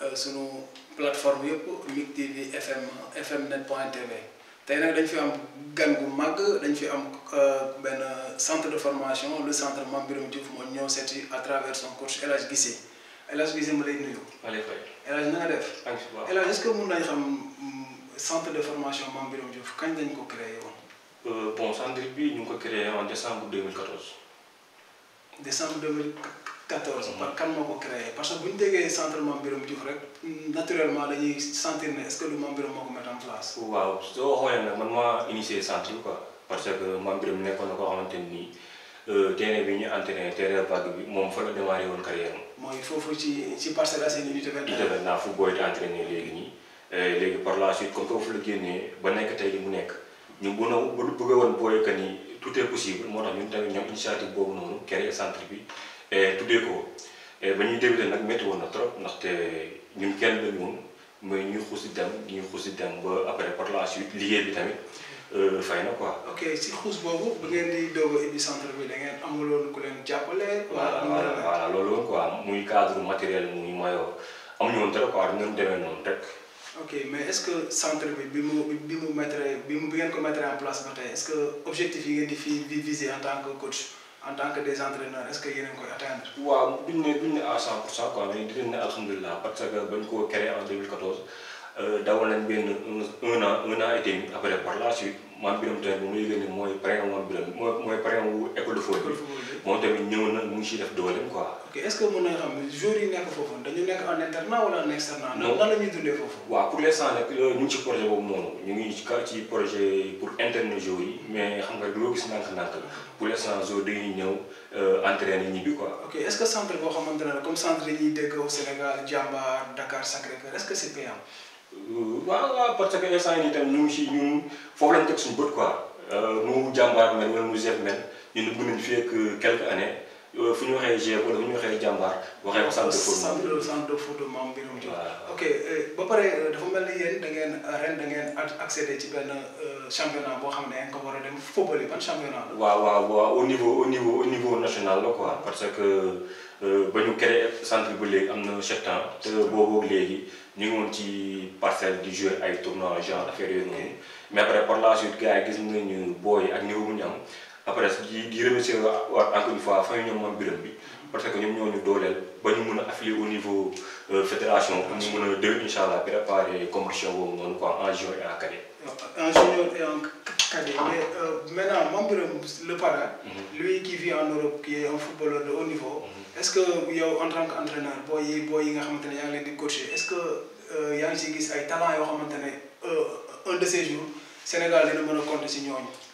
Euh, sunu plateforme yëpp mic TV FM fmnet.tv tay nak dañ fi am gan gu dañ fi am ben centre de formation le centre Mambirom Birame Diouf ñow ñëw à travers son coach El Gissé Guissé El Guissé ma lay nuyu. ma fay El na nga def. El Hadj est-ce que mu nañ xam mm, centre de formation Mambirom Birame Diouf kañ dañ ko créé woon. Euh, bon centre bi ñu ko créé en décembre 2014. décembre 2014. 14 mm-hmm. par kan moo ko créé parce que bu ñu déggee centre Mame Birame Diouf rek naturellement dañuy sentir ne est-ce que lu Mame Birame moo ko man maa initié que Mame Birame nekkoon na koo xamante ni euh, bi ñu entraîné terrain bi moom fa la démarré woon carrière mooy foofu ci ci Parcelles Assainies unité 21. unité 21 nii euh, léegi ba nekk li mu nekk ñu bu ñu bëggoon booy que ni possible moo tax ñun tamit ñoom initiative boobu noonu créé centre bi. Eh, tuddee ko eh, ba ñuy débuté nag métti woon na trop ndaxte ñun kenn lañu woon mais ñuy xuusi dem ñuy xuusi dem ba après par suite liggéey bi tamit euh, fay na quoi. ok si xuus boobu bu ngeen di doog a ibbi centre bi da ngeen amuloon ku leen jàppale. voilà voilà loolu woon quoi muy cadre matériel muy maillot amuñu woon dara quoi dañu demee noonu rek. ok mais est que centre bi bi mu bi mu mettre bi ngeen ko mettre en place ba tey est-ce que objectif en tant que coach. en tant que des entraîneurs est-ce que yéen a koy atteindre. waaw duñ ne duñ ne à pour cent quoi mais di leen ne alhamdulilah parce que bañ koo créé en 2014 euh, dawal nañ benn un an un an et après par la suite maam Birame Touré bu mu yëgee ne mooy parrain maam Birame mooy parrain wu école de foot ok est ce que xam jour yi nekk dañu en internat ou en externe non pour l'instant euh, projet projet pour interne jour yi mais xam nga pour l'instant, nous jour nous, entraîner quoi. ok est ce que centre comme centre yi au Sénégal Dakar sacré est ce que c'est payant. Euh, parce que nous sommes tam ñu nous, Nous, ñun nous quoi euh, ils ne bonifient que quelques années euh, fu ñu waxee GIE wala fu ñu waxee jàmbaar waxee ko centre de formation. centre de formation maam mbirum Diop. ok euh, ba pare euh, dafa mel ni yéen da ngeen ren da ngeen accédé ci benn championnat boo xam ne nga war a dem football yi ban championnat la. waaw waaw waaw au niveau au niveau au niveau national la quoi parce que ba ñu créé centre bi ba léegi am na sept ans te boobu léegi ñu ngi woon ci parcelle di jouer ay tournois genre affaire yooyu noonu mais après par la suite gars yi gis ñu booy ak niveau bu ñu am après di di remercier waat encore une fois fan ñom mom moom biram bi parce que ñom ñoo ñu dooleel ba ñu mëna a affilier au niveau euh, fédération pour ñu mëna a déglu incha allah préparer compétition boobu noonu quoi en junior et en cadet. en junior et en cadet mais euh, maintenant moom biram le parrain. Mhm. lui qui vit en Europe qui est un footballeur de haut niveau. Mhm. est-ce que yow en tant qu'entraîneur boy boy yi nga xamante ne yaa leen di coacher est-ce que euh, yaa ngi siy gis ay talents yoo xamante ne un de ces jours Sénégal dina mën a compter si ñooñu.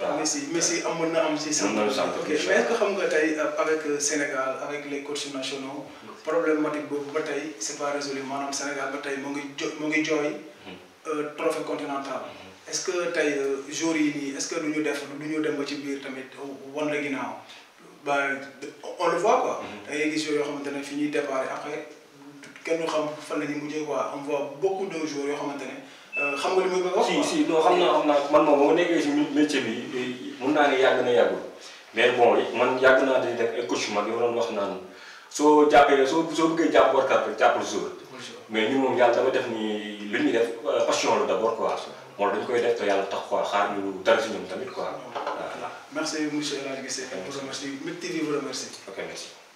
Messi Messi amoon na am si. am na ok mais est-ce que xam nga tey avec Sénégal avec les coachs nationaux. problématique boobu ba tey c'est pas résolu maanaam Sénégal ba tey mu ngi jo mu ngi jooy. trophée continental. est-ce que tey jours yi nii est-ce que du ñu def du ñu dem ba ci biir tamit wan la ginnaaw ba on le voit quoi. da ngay gis yoo xamante ne fi ñuy déparé après kenn du xam fan la ñuy mujjee quoi on voit beaucoup de jours yoo xamante ne. xam nga li muy wax si si non xam naa xam naa man moom ba ma nekkee si eh, mun naa ne yàgg na yàggul mais bon man yàgg naa di def ay coach mag yi ma doon wax naan soo jàppee soo soo bëggee jàpp warkat jàppal jour mais ñun moom yàlla dafa def ni lu ñuy def euh, passion la d'abord quoi da dañ koy def te yàlla tax quoi xaar ñu dara si ñoom tamit quoi voilà. merci monsieur El Hadj Guissé. merci vous remercie. ok merci.